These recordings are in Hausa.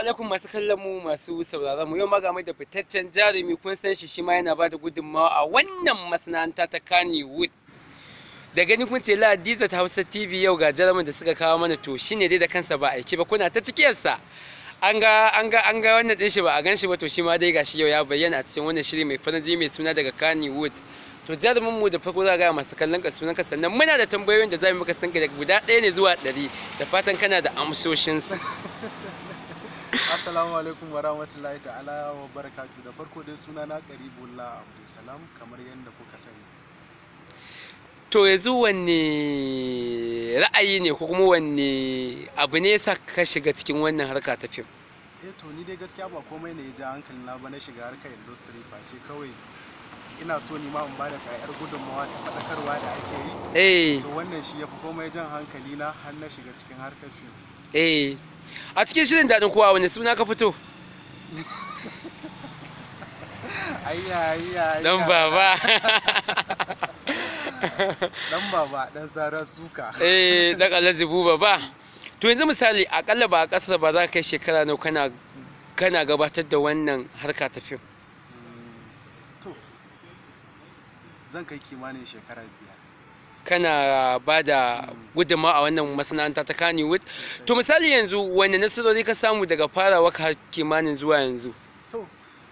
alaikum masu kallon mu masu sauraron mu yau ma ga mai da fitaccen jarumi kun san shi shi ma yana bada gudunmawa a wannan masana'anta ta Kannywood. Da gani kun ce Ladiza ta Hausa TV yau ga jarumin da suka kawo mana to shine dai da kansa ba aiki ba kuna ta cikiyarsa. An ga an ga an ga wannan din shi ba a gan shi ba to shi ma dai gashi yau ya bayyana a cikin wannan shiri mai fanaji mai suna daga Kannywood. To jarumin mu da farko za ga masu kallon ka sunan ka sannan muna da tambayoyin da za mu maka san guda ɗaya ne zuwa ɗari da fatan kana da amsoshinsu. Assalamu alaikum wa rahmatullahi ta'ala wa barakatu da farko dai suna na Karibullah Abdulsalam kamar yadda kuka sani. To yanzu wanne ra'ayi ne ko kuma wanne abu ne sa ka shiga cikin wannan harka ta fim? Eh to ni dai gaskiya ba komai ne ya ja hankali na ba na shiga harka industry ce kawai ina so ni ma in bada ƙayar gudunmawa ta faɗakarwa da ake yi. Eh. To wannan shi ya fi komai jan hankali na har na shiga cikin harkar fim. Eh. a cikin shirin daɗin kowa wani suna ka fito dan baba dan baba don tsara suka eh da kala zubu ba to yanzu misali akalla ba a kasar ba za ka kai shekara nau kana kana gabatar da wannan harka ta fim hmm, to zan kai kimanin shekara biyar kana ba da gudunma a wannan masana'anta ta Kannywood. To misali yanzu wani nasarori ka samu daga farawa ka kimanin zuwa yanzu? To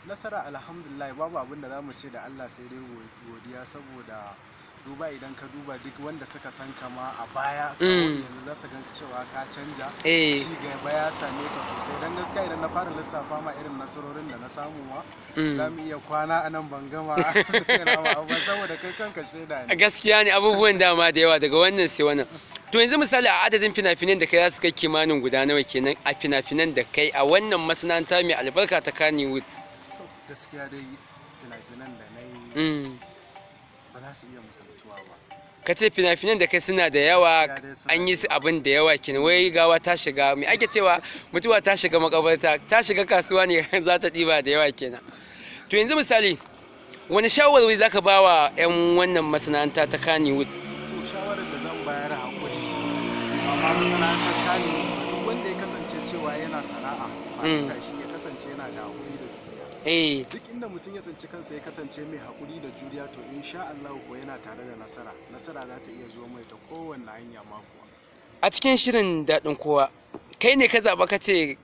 nasara alhamdulillah babu abin da za mu ce da Allah sai dai godiya saboda duba idan ka duba duk wanda suka san kama a baya mm. yanzu za su gan cewa ka canja eh. ci gaba ya same ka sosai don gaskiya idan na fara lissafa ma irin nasarorin da na samu ma mm. za mu iya kwana a nan ban gama abubuwan saboda kai kanka shaida ne gaskiya ne abubuwan dama da yawa daga wannan sai wannan to yanzu misali a adadin fina-finan da kai za su kai kimanin guda nawa kenan a fina-finan da kai a wannan masana'anta mai albarka ta Kannywood gaskiya dai fina-finan da na yi mm. za su iya musaltuwa ba ka ce fina-finan da kai suna da yawa an yi abin da yawa kin wai gawa ta shiga mai ake cewa mutuwa ta shiga makabarta ta shiga kasuwa ne za ta ɗiba da yawa kenan to yanzu misali wani shawarwari za ka ba wa 'yan wannan masana'anta ta kaniwood to shawarar da zan bayar hakuri, amma masana'anta kani wanda ya kasance cewa yana sana'a ba mm. ta shi ya kasance yana da hakuri da juriya eh duk inda mutum ya tsinci kansa ya kasance mai hakuri da juriya to insha Allah ko yana tare da nasara nasara za ta iya zuwa mai ta kowanne hanya kuwa a cikin shirin daɗin kowa kai ne ka zaba ka ce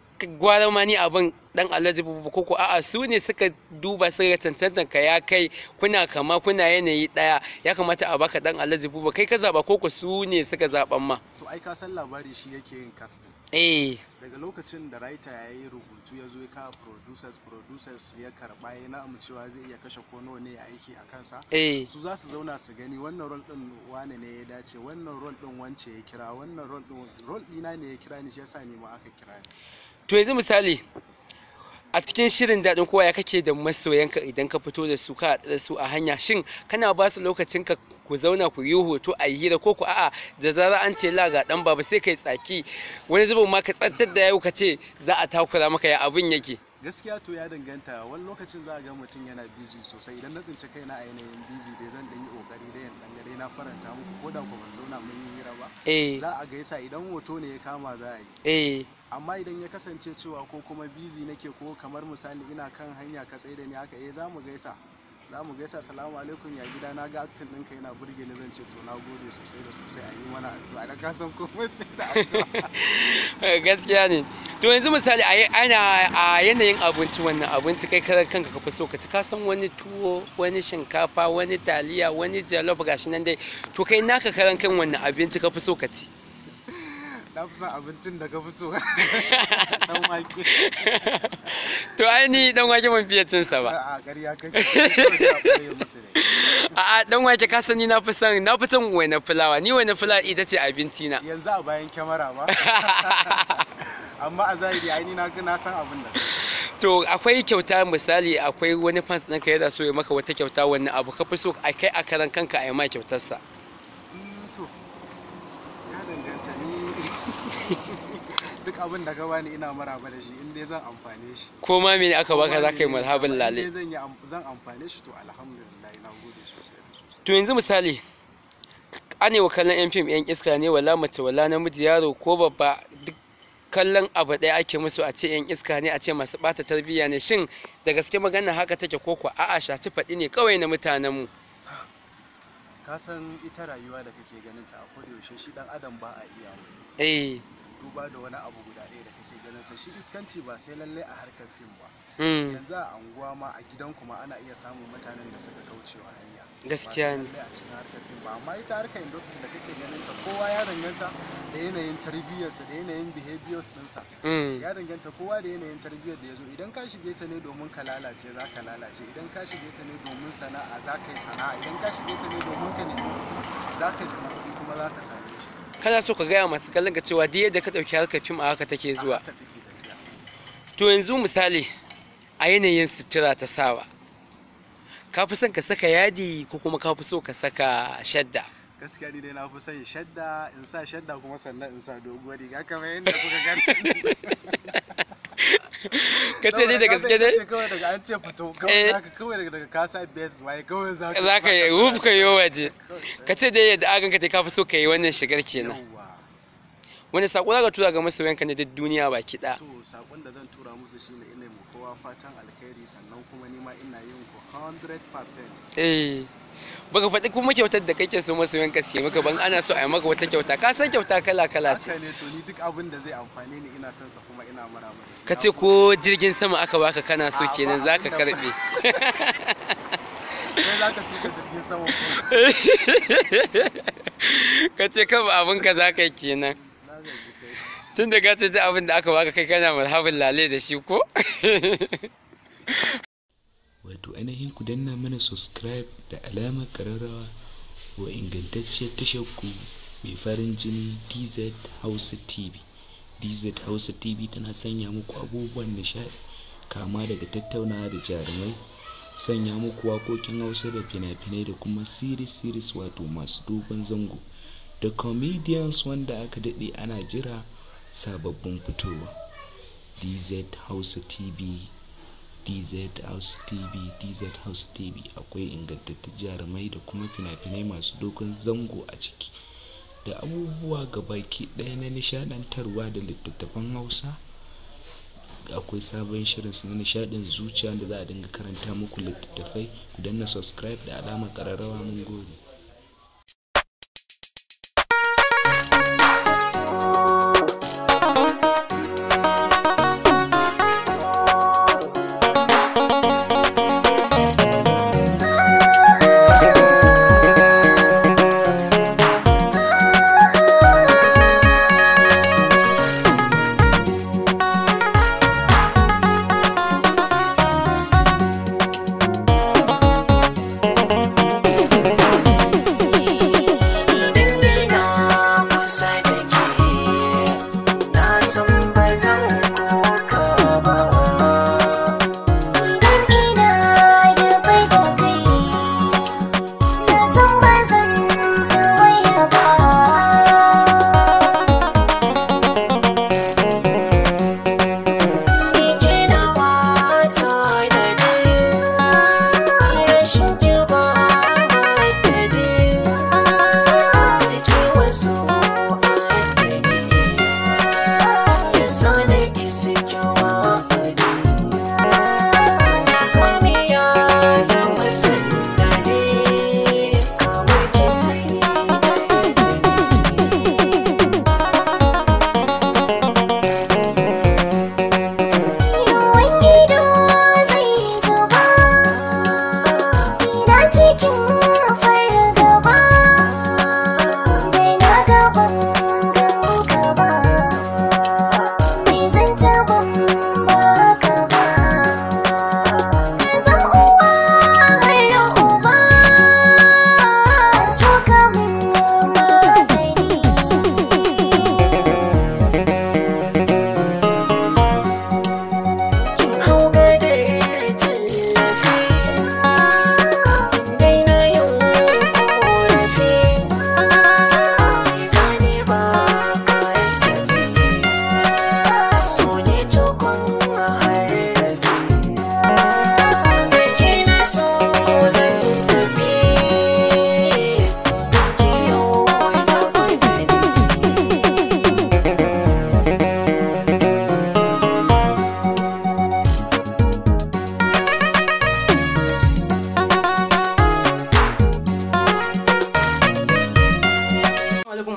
gwara ma ni abin dan alhaji ko ko a'a su ne suka duba suka cancanta ka ya kai kuna kama kuna yanayi daya ya kamata a baka dan alhaji kai ka zaba ko ko su ne suka zaban ma to ai ka san labari shi yake yin casting eh daga lokacin da writer ya yi rubutu ya zo ya kawo producers producers ya karba ya na cewa zai iya kashe ko nawa ne ya aiki a kansa eh su za su zauna su gani wannan role din wane ne ya dace wannan role din wance ya kira wannan role din role dina ne ya kira ni shi yasa ne ma aka kira ni to yanzu misali a cikin shirin daɗin kowa ya kake da masoyanka idan ka fito da su ka da su a hanya shin kana ba su lokacin ka ku zauna ku yi hoto a yi hira ko ku a'a da zara an ce la ga ɗan baba sai kai tsaki wani zubin ma ka tsantar da yau ka ce za a takura maka ya abin yake gaskiya to ya danganta wani lokacin za a ga mutum yana busy sosai idan na tsinci kaina a yanayin busy dai zan dan yi kokari dai in dangare na faranta muku ko da ku ban zauna mun yi hira ba eh. za a gaisa idan hoto ne ya kama za a yi eh. amma idan ya kasance cewa ko kuma busy nake ko kamar misali ina kan hanya ka tsaye da ni haka eh za mu gaisa za mu gaisa salamu alaikum ya gida na ga aktin ɗinka yana burge ni zan ce to na gode sosai da sosai a yi mana addu'a da ka san komai sai da addu'a gaskiya ne to yanzu misali ana a yanayin abinci wannan abinci kai karan kanka ka fi so ka ci ka san wani tuwo wani shinkafa wani taliya wani jalof gashi nan dai to kai naka karan kan wannan abinci ka fi so ka ci na abincin da ka fi so dan wake to ai ni dan wake ban fiye cin sa ba a ƙarya kai a dan wake ka sani na fi son na fi son wainar fulawa ni wani fulawa ita ce abinci na yanzu a bayan kyamara ba amma a zahiri ai ni na na san abin da to akwai kyauta misali akwai wani fans ɗinka da so ya maka wata kyauta wani abu ka fi so a kai a karan kanka a yi ma kyautarsa duk abin da ga bani ina maraba da shi in dai zan amfane shi ko ma mene aka baka za ka yi mazhabin lale zan yi zan amfane shi to alhamdulillah ina gode sosai to yanzu misali ane wa kallon yan fim yan iska ne wala mace wala namiji yaro ko babba duk kallon abu ɗaya ake musu a ce 'yan iska ne a ce masu bata tarbiyya ne shin da gaske magana haka take ko kuwa a'a shaci faɗi ne kawai na mutanen mu ka san ita rayuwa da kake ganin ta a kodayaushe shi dan adam ba a iya eh duba da wani abu guda ɗaya da kake ganin sa shi iskanci ba sai lalle a harkar fim ba hmm. yanzu a anguwa ma a gidan kuma ana iya samun mutanen da suka kauce wa hanya gaskiya ne a cikin harkar fim ba amma ita harkar industry da kake ganin ta kowa ya danganta da yanayin tarbiyyar sa da yanayin behaviors din sa hmm. ya danganta kowa da yanayin tarbiyyar da yazo idan ka shige ta ne domin ka lalace za ka lalace idan ka shige ta ne domin sana'a za ka yi sana'a idan ka shige ta ne domin ka nemi kuɗi za ka nemi kuɗi kuma za ka same shi kana so ka gaya masu kallon ka cewa duk yadda ka ɗauki harkar fim a haka take zuwa to yanzu misali a yanayin sutura ta sawa ka fi son ka saka yadi ko kuma ka fi so ka saka shadda gaskiya ni dai na fi son shadda in sa shadda kuma sannan in sa doguwar riga kamar yadda kuka gani ka ce dai da gaske dai kawai daga an ce fito kawai eh. daga kasa bs waye kawai zaka zaka yi wuf ka yi waje ka ce dai yadda agan ka te ka fi so ka yi wannan shigar kenan wani sako za ka tura ga masoyanka ne duk duniya baki ɗaya to sakon da zan tura musu shine ina mu kowa fatan alkhairi sannan kuma nima ina yin ku 100% eh baka faɗi kuma kyautar da kake so masoyanka su yi maka ban ana so a yi maka wata kyauta ka san kyauta kala kala ce haka ne to ni duk abin da zai amfane ni ina son sa kuma ina maraba shi ce ko jirgin sama aka baka kana so kenan zaka karbe Kai za ka tuka jirgin sama ko? Ka ce kan abin ka za ka yi kenan. tun da gata ta abin da aka baka kai kana marhabin lale da shi ko wato ainihin ku danna mana subscribe da alamar kararrawa wa ingantacciyar tashar ku mai farin jini dz hausa tv dz hausa tv tana sanya muku abubuwan nishadi kama daga tattaunawa da jarumai sanya muku waƙoƙin hausa da fina-finai da kuma series series wato masu dogon zango da comedians wanda aka daɗe ana jira sababbin fitowa dz hausa tv dz hausa tv dz hausa tv akwai ingantattun jarumai da kuma fina-finai masu dogon zango a ciki da abubuwa gabaki ɗaya na nishadantarwa da littattafan hausa akwai sabon shirin su na nishadin zuciya da za a dinga karanta muku littattafai ku danna subscribe da alama kararrawa mun gode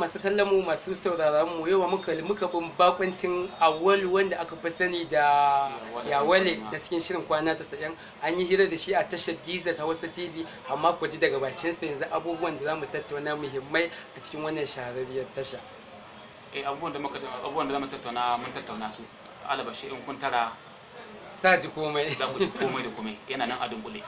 masu kallon mu masu sauraron mu yawa muka muka bin bakuncin awal wanda aka fi sani da yawale da cikin shirin kwana ta sayan an yi hira da shi a tashar diza ta wasu TV amma ku ji daga bakin sa yanzu abubuwan da zamu tattauna muhimmai a cikin wannan shahararriyar tasha eh abubuwan da muka abubuwan da zamu tattauna mun tattauna su alaba in kun tara sa ji komai za ku ji komai da komai yana nan a dunkule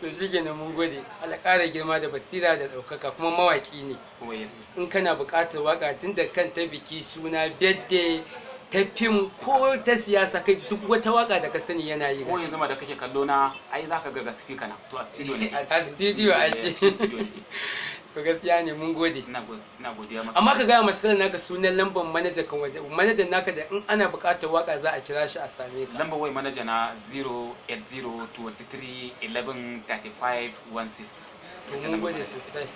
to shi ne mun gode Allah girma da basira da ɗaukaka kuma mawaƙi ne oh, in kana buƙatar waƙa tun da kan ta biki suna bedde ta fim ko ta siyasa kai duk wata waka da ka sani yana yi ko yanzu ma da kake kallo na ai zaka ga gaskiya kana to a studio ne a studio to gaskiya ne mun gode ina amma ka gaya masarar naka sunan lambar manajan kan waje manajan naka da in ana buƙatar waka za a kira shi a same ka lambar manaja na 08023 11 35 16 mun gode sosai